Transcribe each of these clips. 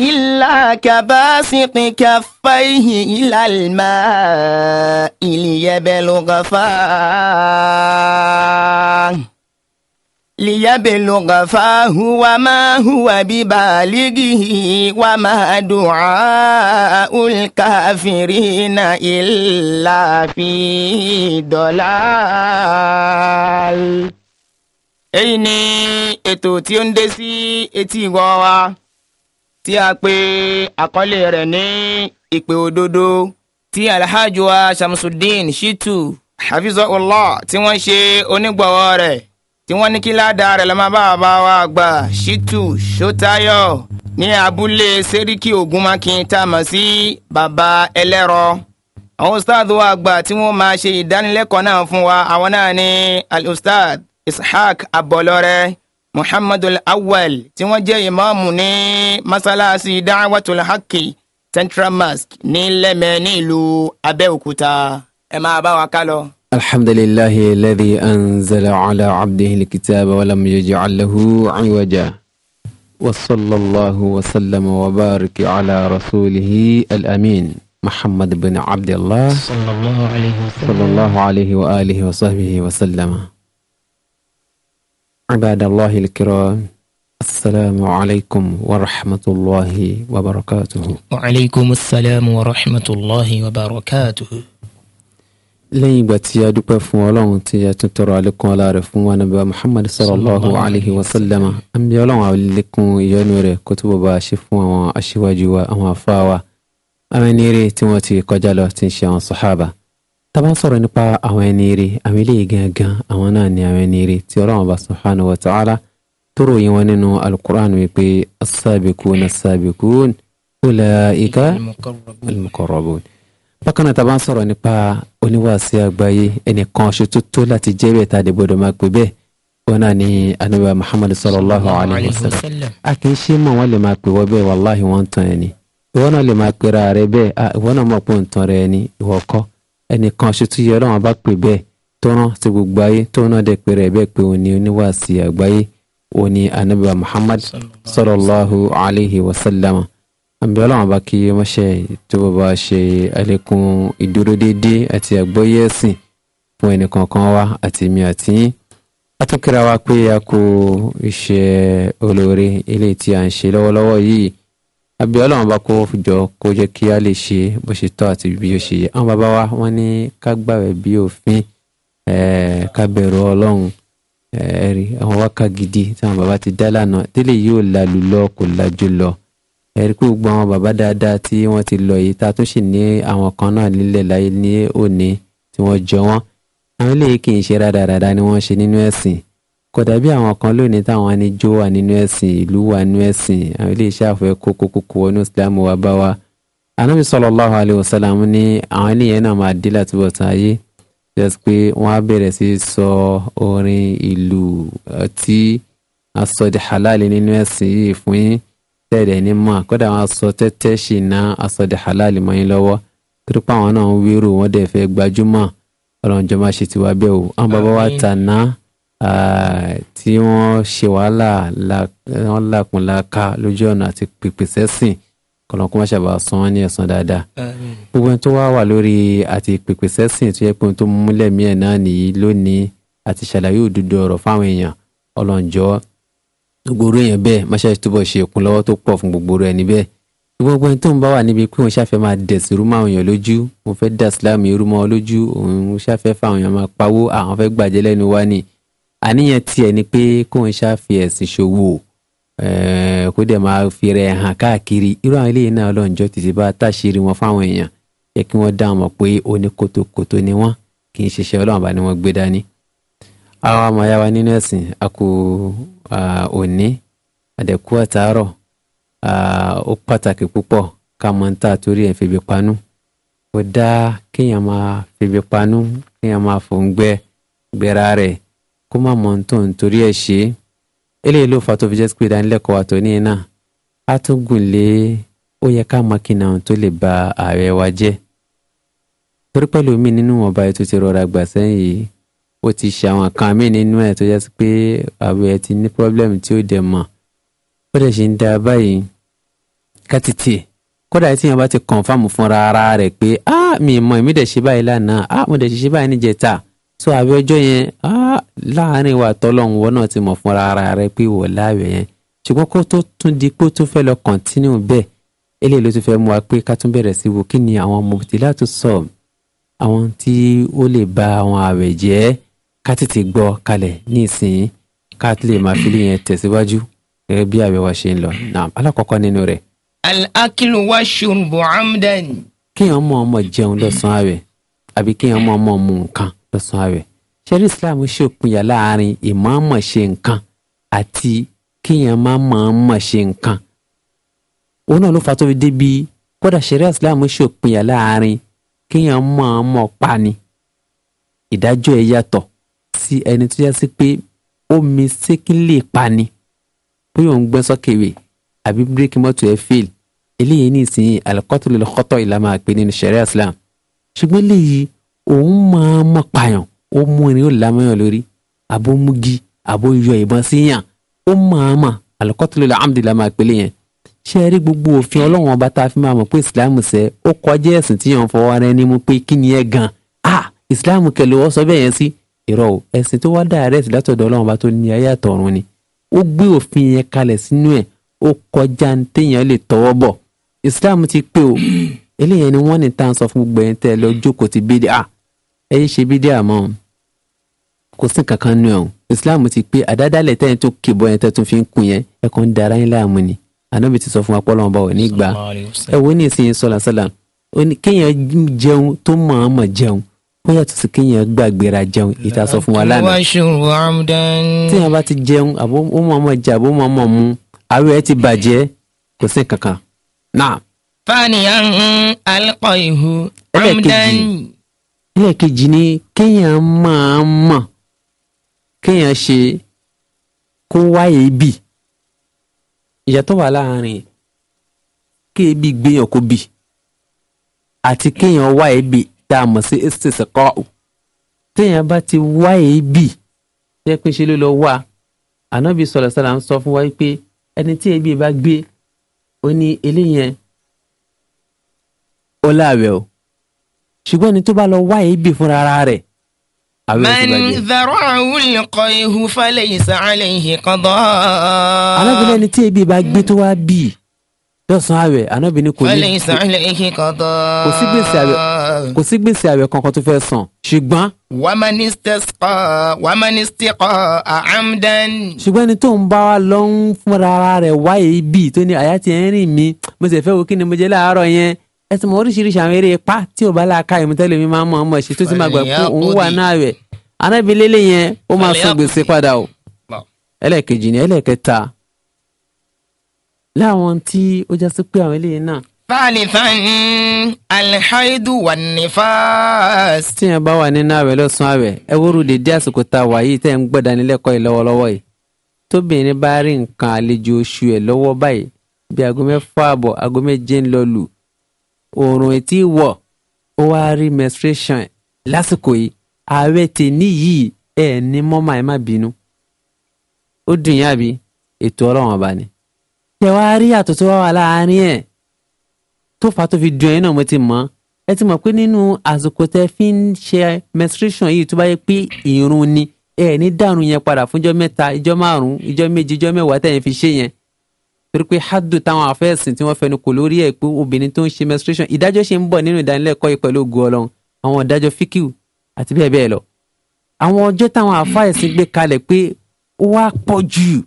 إلا كباسط كفيه إلى الماء ليبلغ فاه ليبلغ فاه وما هو ببالغه وما دعاء الكافرين إلا في ضلال èyí ni ètò tí ó tí a pè àkọlé rẹ̀ ní ìpè òdodo tí alhaji wa shamsuddin shitu hafizahullah tí wọ́n ṣe onígbọ̀wọ́ rẹ̀ tí wọ́n ní kí ládàá rẹ̀ lọ́mọ bá bá wa gbà shitu shotayo ní abúlé seriki ogunmakin tá a mọ̀ sí baba ẹlẹ́rọ àwọn ustaad wa àgbà tí wọ́n máa ṣe ìdánilẹ́kọ̀ọ́ náà fún wa àwọn náà ní alustad ishaq abọlọrẹ muhammadu awal tí wọ́n jẹ́ ìmáàmù ní masalasi da'watul haqi central mosque ní lẹ́mẹ̀ ní ìlú abẹ́òkúta ẹ máa bá wa ká lọ. alhamdulillahi alladhi anzala ala abdihi alkitaba walam yaj'al lahu iwaja وصلى الله وسلم وبارك على رسوله الأمين محمد بن عبد الله صلى الله عليه وسلم صلى الله عليه وآله وصحبه وسلم عباد الله الكرام السلام عليكم ورحمة الله وبركاته وعليكم السلام ورحمة الله وبركاته lẹ́yìn ìgbà tí a dúpẹ́ fún ọlọ́run tí a tún tọrọ àlékún ọlá rẹ̀ fún wa nàbẹ́ muhammad sallallahu alayhi wa sallam an bí ọlọ́run àlékún ìyọ́nú rẹ̀ kó tó bàbá ṣe fún àwọn aṣíwájú wa àwọn afá wa tí wọ́n ti kọjá lọ tí ń ṣe àwọn sàhábà tá bá sọ̀rọ̀ nípa àwọn ẹni ire àwọn eléyìí gangan àwọn náà ni àwọn ẹni ire tí Ọlọ́run bá subhanahu wa ta'ala tó ròyìn wọn nínú alukur'an wípé as-sabiquna as-sabiqun ulaika al-muqarrabun bákan náà tá bá sọ̀rọ̀ nípa oníwàásí àgbáyé ẹnìkan ṣe tó tó láti jẹ́ bẹ́ẹ̀ tá a lè gbọ́dọ̀ máa pè bẹ́ẹ̀ wọn náà ni anabiwa muhammadu sallallahu alayhi wa sallam a kì í ṣe mọ wọn lè máa pè wọ bẹ́ẹ̀ wàláhi ẹnìkan ṣe tí ọlọ́run bá pè bẹ́ẹ̀ tó rán sí gbogbo ayé tó náà dẹ̀ pé rẹ̀ bẹ́ẹ̀ pé òun ni oníwàásí àgbáyé òun ni anabiwa muhammad sallallahu alayhi wa sallam àbí ọlọ́run bá kí ọmọṣẹ́ tó bá ṣe àlékún ìdúró déédé àti àgbọ́yé ẹ̀sìn fún ẹnìkankan wa àti mi àti yín atukira wa pé a kò iṣẹ́ olóore eléyìí tí a ń ṣe lọ́wọ́lọ́wọ́ yìí Abiola ọlọ́run bá kó jọ kó jẹ́ kí a lè ṣe bó ṣe tọ́ àti bí ó ṣe yẹ àwọn bàbá wa wọ́n ní ká gbàwẹ̀ bí òfin eh, ká bẹ̀rù ọlọ́run eh, ẹ̀rí àwọn wákà gidi tí àwọn bàbá ti dá lánàá délé yóò lalu lọ kò lajú lọ ẹ̀rí pé gbogbo àwọn bàbá dáadáa tí wọ́n ti lọ yìí ta tún sì ní àwọn kan náà nílẹ̀ láyé ní òní tí wọ́n jọ wọ́n àwọn eléyìí kì í ṣe rádaràda ni wọ́n ṣe nínú ẹ̀sìn kò dàbí àwọn kan lónìí táwọn anijó wà nínú ẹ̀sìn ìlú wà nínú ẹ̀sìn àwọn iléeṣẹ́ àfọwẹ́ kókó kókó wọnú islam wa bá wa anabi sallallahu alayhi wa sallam ní àwọn eléyẹn náà máa dé láti bọ̀tán ayé jẹ́sí pé wọ́n á bẹ̀rẹ̀ sí sọ orin ìlú tí a sọ di halal nínú ẹ̀sìn yìí fún yín tẹ̀lé ní mọ́ kódà wọ́n sọ tẹ́tẹ́ ṣì ná a halal mọ́ yín lọ́wọ́ torí àwọn náà ń wérò wọ́n dẹ̀ fẹ́ gbajúmọ̀ ọ̀rọ̀ ìjọba ṣe ti wá bẹ́ẹ̀ o àwọn bàbá wa tà náà Ah, tí wọ́n ṣe wàhálà wọ́n làkùn làkà lójú ọ̀nà àti pèpè sẹ́sìn kọlọ́nkú má ṣàbà san wọ́n ní ẹ̀san dáadáa. gbogbo ẹni tó wá wà lórí àti pèpè sẹ́sìn tó yẹ pé ohun tó múlẹ̀ míẹ̀ náà nìyí lónìí àti ṣàlàyé òdodo ọ̀rọ̀ fáwọn èèyàn ọlọ́njọ́ gbogbo orú èèyàn bẹ́ẹ̀ má ṣàṣì túbọ̀ ṣe ìkún lọ́wọ́ tó pọ̀ fún gbogbo orú ẹni bẹ́ẹ̀. gbogbo ẹni tó ń bá wà níbi pé òun ṣàfẹ́ máa dẹ̀sí rú máwọn èèyàn lójú òun fẹ́ dà irú mọ́ lójú òun ṣàfẹ́ fáwọn èèyàn máa pawó àwọn fẹ́ gbàjẹ́ lẹ́nu wá ni àníyàn tiẹ̀ ni pé kó n ṣá fi ẹ̀sìn ṣòwò eh, kó dẹ̀ máa fi rẹ̀ hàn káàkiri irú àwọn eléyìí náà lọ́njọ́ títí bá táṣírí wọn fáwọn èèyàn yẹ kí wọ́n dá wọn pé oníkótókótó ni wọ́n kì í ṣiṣẹ́ ọlọ́run bá ni wọ́n gbé dání. àwọn ọmọ ya wa nínú ẹ̀sìn a kò òní àdẹ̀kú àtàárọ̀ ó pàtàkì púpọ̀ ká mọ ń tà torí ẹ̀ febi panú kò dáa kéèyàn máa febi panú kéèyàn máa fòǹgbẹ gbẹra rẹ̀ kó má mọ̀ tó ń torí ẹ̀ ṣe é eléyìí ló fà tó fi jẹ́ pé ìdánilẹ́kọ̀ọ́ wa tó ní iná á tún gùn lé ó yẹ ká mọ kí nàá tó lè ba ààrẹ wa jẹ́ torí pẹ̀lú mi nínú ọba ètò ti rọra gbà sẹ́yìn ó ti ṣe àwọn kan mí nínú ẹ̀ tó jẹ́ pé ààrẹ ẹ̀ ti ní pọ́blẹ́mù tí ó dẹ̀ mọ̀ ó dẹ̀ ṣe ń da báyìí ká ti kódà tí yẹn bá ti kọ̀ǹfàmù fúnra ara rẹ̀ pé ah mi mọ̀ èmi dẹ̀ ṣe báyìí lánàá ah mo dẹ̀ ṣe ṣe báyìí níjẹta so àwẹ̀ ọjọ́ yẹn láàárín wa tọ́lọ́hún wọn náà ti mọ̀ fúnra ara rẹ pé wò láàwẹ̀ yẹn ṣùgbọ́n kó tó tún di pé ó tún fẹ́ lọ kọ̀ntínú bẹ́ẹ̀ eléyìí ló tún fẹ́ mú wa pé ká tún bẹ̀rẹ̀ sí wo kí ni àwọn mubtilatu sọ̀m àwọn tí ó lè ba àwọn àwẹ̀ jẹ́ ká tètè gbọ́ kalẹ̀ ní ìsìn ká lè máa fi lè yẹn tẹ̀síwájú gẹ́gẹ́ bí àwẹ̀ wa ṣe ń lọ náà alákọ̀ọ́kọ́ nínú rẹ̀. al-aklu wa shurbu amdan. kéèyàn mọ̀ ọmọ jẹun lọ́sàn-án àwẹ̀ àbí kéèyàn mọ̀ ọmọ mu nǹkan lọ́sàn-án àwẹ̀ ṣẹ́rí Islam ṣòpinya láàrin ìmọ̀ọ́mọ̀ ṣe nǹkan àti kíyàn má mọ̀ọ́mọ̀ ṣe nǹkan òun náà ló fa tó fi débi kódà ṣẹ́rí Islam ṣòpinya láàrin kíyàn mọ̀ọ́mọ̀ pani ìdájọ́ ẹ̀ yàtọ̀ sí ẹni tó yá sí pé ó mi sékìlì pani bóyá òun gbẹ́ sọ́kèwé àbí bíréèkì mọ́tò ẹ̀ fail eléyìí ní ìsìn alqatlu lil khata' ìlànà àpè nínú ṣẹ̀ríà Islam ṣùgbọ́n léyìí òun máa mọ̀ pààyàn ó mú irin ó lámọ́yàn lórí àbó mugi àbó yọ ìbọn síyàn ó máa mọ̀ àlùkọ́tìlẹ̀ alhamdulilayi máa pèlè yẹn ṣé ẹ rí gbogbo òfin ọlọ́run ọba tá a fi máa mọ̀ pé ìsìláàmù sẹ́ ó kọjá ẹ̀sìn tí yàn fọwọ́ ara ẹni mú pé kí ni ẹ gan ah ìsìláàmù kẹlẹ́ wọ́n sọ bẹ́ẹ̀ yẹn sí irọ́ o ẹ̀sìn tó wá dàrẹ́ ẹ̀sìn látọ̀dọ̀ ọlọ́run ọba tó ní ayé àtọ̀run ni ó gbé òfin yẹn kalẹ̀ sínú ẹ̀ ó kọjá téèyàn lè tọwọ́ bọ̀ ìsìláàmù ti pé o eléyẹn ni wọ́n ní tá à ń sọ fún gbogbo ẹ̀yìn tẹ́ lọ jókòó ti bídíà ẹ yé ṣe bídíà mọ́ o kò sí kankan nù ẹ̀ o Islam ti pé àdádálẹ̀ tẹ́yìn tó kébọ yẹn tẹ́tún fi ń kun yẹn ẹ kàn ń dara yín láàmú ni ànábì ti sọ fún wa pọ́lọ́mọba ò ní gbà ẹ wo ní ìsinyìí sọlá sọlá kéèyàn jẹun tó mọ̀ọ́mọ̀ jẹun ó yàtọ̀ sí kéèyàn gbàgbéra jẹun ìta sọ fún wa lánàá téèyàn bá ti jẹun àbó ó mọ̀ọ́mọ̀ jẹ àbó mọ̀ọ́mọ̀ mu àwẹ̀ ẹ ti bàjẹ́ kò sí kankan náà. fani alqaihu amdan. ẹlẹ́kejì ẹlẹ́ẹ̀kejì ni kéèyàn máa mọ̀ kéèyàn ṣe kó wá èébì ìyàtọ̀ wà láàrin kéèbì gbéyàn kó bì àti kéèyàn wá èébì tá a mọ̀ sí istisqa'u téèyàn bá ti wá èébì tẹ́ pé ṣe ló lọ wá ànábì sallallahu alaihi ń sọ fún wa pé ẹni tí èébì bá gbé ó ní eléyẹn ó láàwẹ̀ o ṣùgbọ́n ẹni tó bá lọ wá ebi fúnra ara rẹ̀. man zara'ahu al-qayhu falaysa alayhi qada. alábìnrin ẹni tí ebi bá gbé tó wá bì í lọ́sàn-án àwẹ̀ anábìnrin kò ní. falaysa alayhi qada. kò sí gbèsè àwẹ̀ kò sí gbèsè àwẹ̀ kankan tó fẹ́ san ṣùgbọ́n. waman istasqa waman istiqa ṣùgbọ́n ẹni tó ń bá wa lọ fúnra ara rẹ̀ wá ebi tó ní àyà ti ẹ̀ ń mo sì fẹ́ wo kí ni mo jẹ́ láàárọ̀ yẹn ẹsùn mọ oríṣiríṣi àwọn eré ipá tí ò bá láàka ìmútẹ́lẹ̀ mi máa ń mọ ọmọ ẹ̀ṣẹ̀ tó ti máa gbà pé òun wà náà rẹ̀ anábìlẹ̀ lè yẹn ó máa san gbèsè padà o ẹlẹ́ẹ̀kejì ni ẹlẹ́ẹ̀kẹta láwọn tí ó já sí pé àwọn eléyìí náà. thalitha alhaidu wa nifas. tí yẹn bá wà nínú àwẹ̀ lọ́sùn àwẹ̀ ẹ wúru dédé àsìkò tá a wà yìí tẹ́ ń gbọ́ dánilẹ́kọ̀ọ́ yìí lọ́wọ́lọ́wọ́ yìí tóbìnrin bá rí nǹkan àlejò oṣù ẹ̀ lọ́wọ́ báyìí bí aago mẹ́fà àbọ̀ aago méje ń oòrùn etí wọ̀ ó wá rí menstruation lásìkò yìí ààrẹ tèmi yìí ẹ̀ ní mọ́mà ẹ̀ má bínú ó dùn yín àbí ètò ọlọ́run ọba ni. ṣé wàá rí àtò tó wá wà láàárín ẹ̀ tó fà tó fi dùn ẹ̀yin náà mo ti mọ̀ ẹ ti mọ̀ pé nínú àsìkò tẹ́ fi ń ṣe menstruation yìí tó bá yẹ pé ìrun ni ẹ̀ ní dànù yẹn padà fúnjọ́ mẹ́ta ìjọ́ márùn-ún méje ìjọ́ mẹ́wàá tẹ̀yìn fi ṣe yẹn torí pé hadu táwọn afẹ́sìn tí wọ́n fẹnu kò lórí ẹ̀ pé obìnrin tó ń ṣe menstruation ìdájọ́ ṣe ń bọ̀ nínú ìdánilẹ́kọ̀ọ́ yìí pẹ̀lú ògùn ọlọ́run àwọn ìdájọ́ fíkìw àti bẹ́ẹ̀ bẹ́ẹ̀ lọ. àwọn ọjọ́ táwọn afẹ́sìn gbé kalẹ̀ pé ó wá pọ̀ jù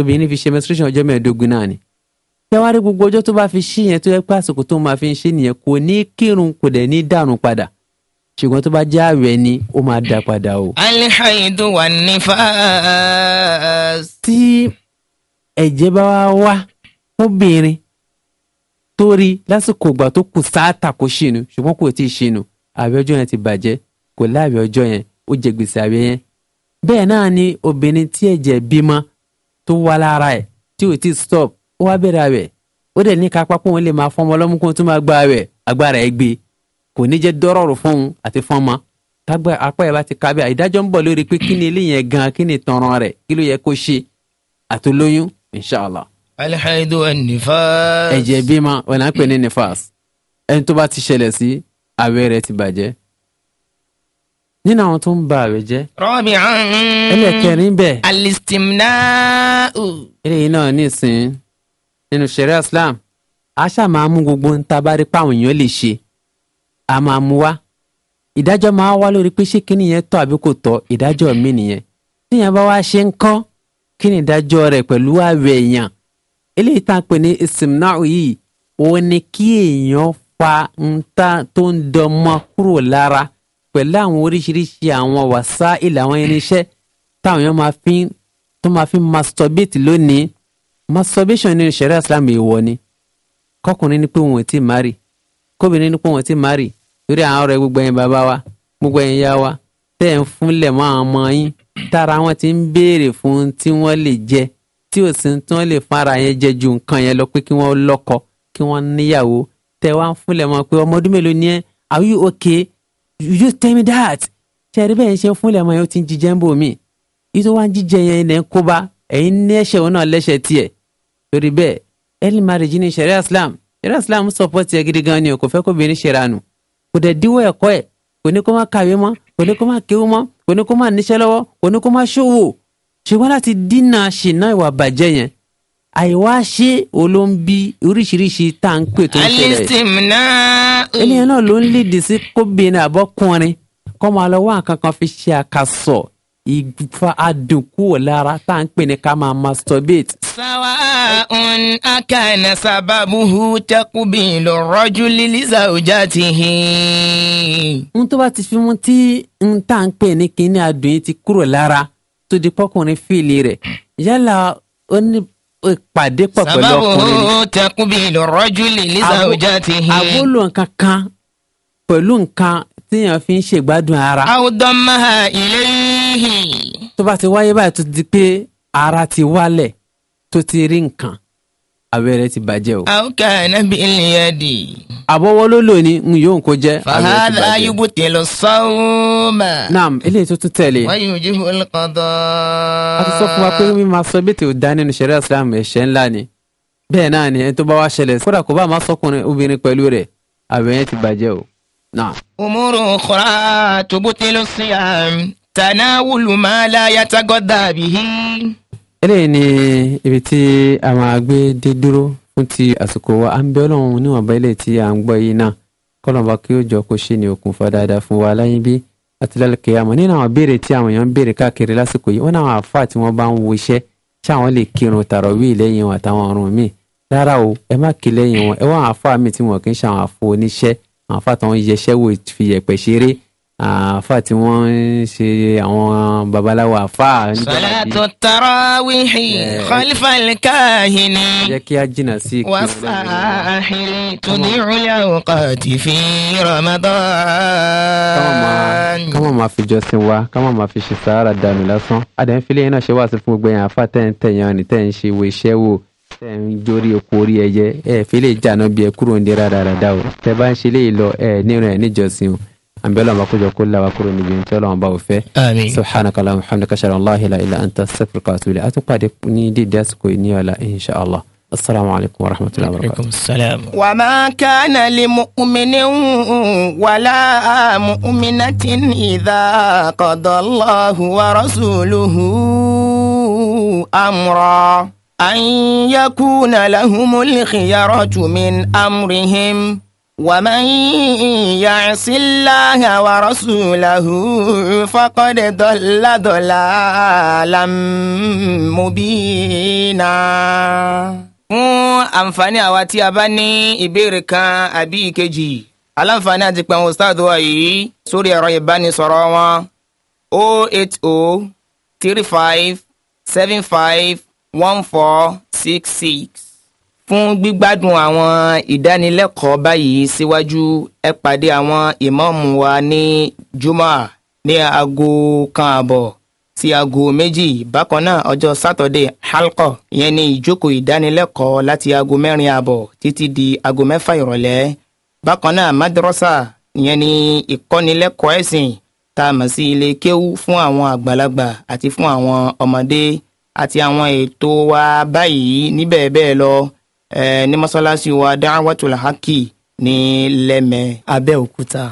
obìnrin fi ṣe menstruation ọjọ́ mẹ́ẹ̀ẹ́dógún náà ni. tẹ́wárí gbogbo ọjọ́ tó bá fi ṣí yẹn tó yẹ pé àsìkò tó máa fi ń ṣe nìyẹn ṣùgbọ́n tó bá jẹ́ ààrẹ ni ó máa dá padà o. alihaidu wa nifas. tí ẹ̀jẹ̀ bá wá wá fúnbìnrin tó rí lásìkò ìgbà tó kù sáàtà kó ṣìnú ṣùgbọ́n kò tí ì ṣìnú àwẹ̀ ọjọ́ yẹn ti bàjẹ́ kò láàwẹ̀ ọjọ́ yẹn ó jẹ gbèsè àwẹ̀ yẹn bẹ́ẹ̀ náà ni obìnrin tí ẹ̀jẹ̀ bímọ tó wá lára ẹ̀ tí ò tí ì stop ó wá bẹ̀rẹ̀ àwẹ̀ ó dẹ̀ ní kápá pé òun lè máa fọmọ ọlọ́mú kó tún máa gba àwẹ̀ agbára ẹ̀ gbé kò ní jẹ́ dọ́rọ̀rù fóun àti fọ́mọ tágbà apá ẹ̀ bá ti kábẹ́ àìdájọ́ ń bọ̀ lórí pé kí ni eléyẹn gan kí ni tọ̀ràn rẹ̀ kí ló yẹ kó ṣe àtolóyún inshallah. alihaidu nifas. ẹ̀jẹ̀ bímọ wọn náà pè ní nifas ẹni tó bá ti ṣẹlẹ̀ sí àwẹ̀ rẹ̀ ti bàjẹ́ nínú àwọn tó ń ba àwẹ̀ jẹ́. rọ́ọ̀bì ọ̀hún. ẹlẹ́kẹrin bẹ́ẹ̀. alistimnau. eléyìí náà nísìn nínú sẹ̀rẹ̀ islam aṣá máa mú gbogbo ń tabarí páwọn èèyàn lè ṣe a máa mú wá ìdájọ́ máa wá lórí pé ṣé kíni yẹn tọ́ àbí kò tọ́ ìdájọ́ mi nìyẹn tíyẹn bá wá ṣe ń kọ́ kí ni ìdájọ́ rẹ̀ pẹ̀lú àwẹ̀ èèyàn eléyìí tá a pè ní ìsìmnáà yìí òun ni kí èèyàn fa nta tó ń dọmọ kúrò lára pẹ̀lú àwọn oríṣiríṣi àwọn wàsá ilẹ̀ àwọn irinṣẹ́ táwọn èèyàn máa fi tó máa fi masturbate lónìí masturbation nínú ṣẹ̀ríà Islam èèwọ̀ ni kọkùnrin ni pé wọn ò tí ì má rì kóbìnrin ni pé wọn ò tí ì má rì lórí àwọn ọ̀rẹ́ gbogbo ẹ̀yin bàbá wa gbogbo ẹ̀yin yá wa tẹ́ ẹ̀ ń fúnlẹ̀ mọ́ àwọn ọmọ yín tára wọn ti ń béèrè fún ohun tí wọ́n lè jẹ tí ò sí tí wọ́n lè fara yẹn jẹ ju nǹkan yẹn lọ pé kí wọ́n lọ́kọ kí wọ́n níyàwó tẹ wá ń fúnlẹ̀ mọ́ pé ọmọ ọdún mélòó ni ẹ́ are you okay you just tell me that ṣẹ́ẹ́rì bẹ́ẹ̀ ṣe ń fúnlẹ̀ mọ́ yẹn ó ti ń jíjẹ́ ń bò mí ìtò wá ń jíjẹ yẹn lẹ́ ń kóbá ẹ̀yin ní ẹ̀ṣẹ̀ wọn náà lẹ́ṣẹ̀ tiẹ̀ torí bẹ́ẹ̀ early marriage ní ṣẹ̀ríà Islam ṣẹ̀ríà Islam support ẹ̀ gidi gan ni o kò fẹ́ kó obìnrin ṣèrànù kò dẹ̀ díwọ́ ẹ̀kọ́ ẹ̀ kò ní kó má kàwé mọ́ kò ní kó má kéwú mọ́ kò ní kó má níṣẹ́ lọ́wọ́ kò kó má ṣòwò ṣùgbọ́n láti dínà ṣìnà ìwà bàjẹ́ yẹn àìwá ṣe olóńbí oríṣiríṣi tá à ń pè tó ń ṣẹlẹ̀ eléyìí náà ló ń lédè sí kóbìnrin àbọ́kùnrin kọ́ máa lọ wá nǹkan kan fi ṣe àkàsọ̀ ìfa adùn kúrò lára tá à ń pè ní ká máa masturbate. sáwà un akana sábàbùhù tẹkùbìn lọ́rọ́jú lílísà òjá ti hìn. n tó bá ti fi mú tí n tá à ń pè ní kíní adùn yìí ti kúrò lára tó di pọkùnrin fìlì rẹ̀ yálà ó ní ìpàdé pọ̀ pẹ̀lú ọkùnrin. sábàbùhù tẹkùbìn lọ́rọ́jú lílísà òjá ti hìn. àbúlò nǹkan kan pẹ̀lú nǹkan tíyàn fi ń ṣègbádùn ara. àwùjọ máa ilé yìí tó bá ti wáyé báyìí tó di pé ara ti wálẹ̀ tó ti rí nǹkan àwẹ̀ rẹ̀ ti bàjẹ́ o. àwọn kan ẹ̀nàbí ilẹ̀ yẹn dì. àbọ̀wọ́ ló lò ní n yóò kó jẹ́ àwẹ̀ ti bàjẹ́. fàhálà ayúbù tẹ̀lọ sọ́ọ́mà. naam eléyìí tó tún tẹ̀lé. wọ́n yóò fún ọlọ́kọ̀dọ́. a ti sọ fún wa pé mi máa sọ bí tèò dá nínú sẹ́rẹ́ islam ẹ̀ṣẹ̀ ńlá ni bẹ́ẹ̀ náà ni ẹni tó bá wá ṣẹlẹ̀ kódà kó bá máa sọkùnrin obìnrin pẹ̀lú rẹ̀ àwẹ̀ ti bàjẹ́ o. umuru tanawulu ma la yatagoda bihi. eléyìí ni ibi tí a máa gbé dé dúró fún ti àsìkò wa à ń bẹ ọlọ́run níwọ̀nba ilé tí à ń gbọ́ yìí náà kọ́lọ́mọba kí ó jọ kó ṣe ní okùnfà dáadáa fún wa láyé bí àti lálùkẹ́ àmọ́ nínú àwọn béèrè tí àwọn èèyàn ń béèrè káàkiri lásìkò yìí wọ́n náà àwọn àáfàá bá ń wo iṣẹ́ ṣé àwọn lè kírun tàràwíì lẹ́yìn wọn àtàwọn ọ̀run míì rárá o ẹ má kí lẹ́yìn wọn ẹ wá àwọn àáfàá míì tí wọn kì í ṣe àwọn àfọ oníṣẹ́ àwọn àáfàá tó ń yẹṣẹ́ wò fi yẹ̀pẹ̀ ṣeré àáfà tí wọ́n ń ṣe àwọn babaláwo àáfà. salatu tarawihi khalfal kahini. jẹ́ kí a jìnnà sí ìpínlẹ̀. wasahiri tudiru lawqati fi ramadan. káwọn máa fi jọ́sìn wa káwọn máa fi ṣe sàárà dànù lásán. adẹ̀ ń filẹ̀ yẹn náà ṣe wá sí fún gbogbo yẹn tẹ̀ ń tẹ̀yàn ni tẹ̀ ń ṣe wo iṣẹ́ wo tẹ ń jórí epo orí ẹyẹ ẹ fi lè jà náà bí ẹ kúrò ní rárára dá o tẹ bá ń ṣe lè lọ ẹ nírun ẹ níjọsìn o ambele ambako chakula wakuru ni jintolo ambao fe amin subhanaka allahumma hamdaka ashhadu an la ila illa anta astaghfiruka wa atubu ilayk atukadi ni didas ko ni wala insha allah السلام عليكم ورحمة الله وبركاته وعليكم السلام وما كان لمؤمن ولا مؤمنة إذا قضى الله ورسوله أمرا أن يكون لهم الخيرة من أمرهم ومن يعص الله ورسوله فقد ضل ضلالا مبينا fún àǹfààní àwa tí a bá ní ìbéèrè kan àbí ìkejì aláǹfààní àti pẹ̀lú ustaad wa yìí sórí ẹ̀rọ ìbánisọ̀rọ̀ wọn o oh eight o oh three five seven five one four six six fún gbígbádùn àwọn ìdánilẹ́kọ̀ọ́ báyìí síwájú ẹ pàdé àwọn ìmáàmù wa ní juma ní aago kan àbọ̀ sí aago méjì bákan náà ọjọ́ sátọ̀dé halkọ ìyẹn ní ìjókòó ìdánilẹ́kọ̀ọ́ láti aago mẹ́rin àbọ̀ títí di aago mẹ́fà ìrọ̀lẹ́ bákan náà madrasa ìyẹn ní ìkọ́nilẹ́kọ̀ọ́ ẹ̀sìn tá a mọ̀ sí ilé kéwú fún àwọn àgbàlagbà àti fún àwọn ọmọdé àti àwọn ètò wa báyìí níbẹ̀ bẹ́ẹ̀ lọ Ni ní mọ́sálásí wa Da'watul ni ní Lẹ́mẹ̀ Abẹ́òkúta.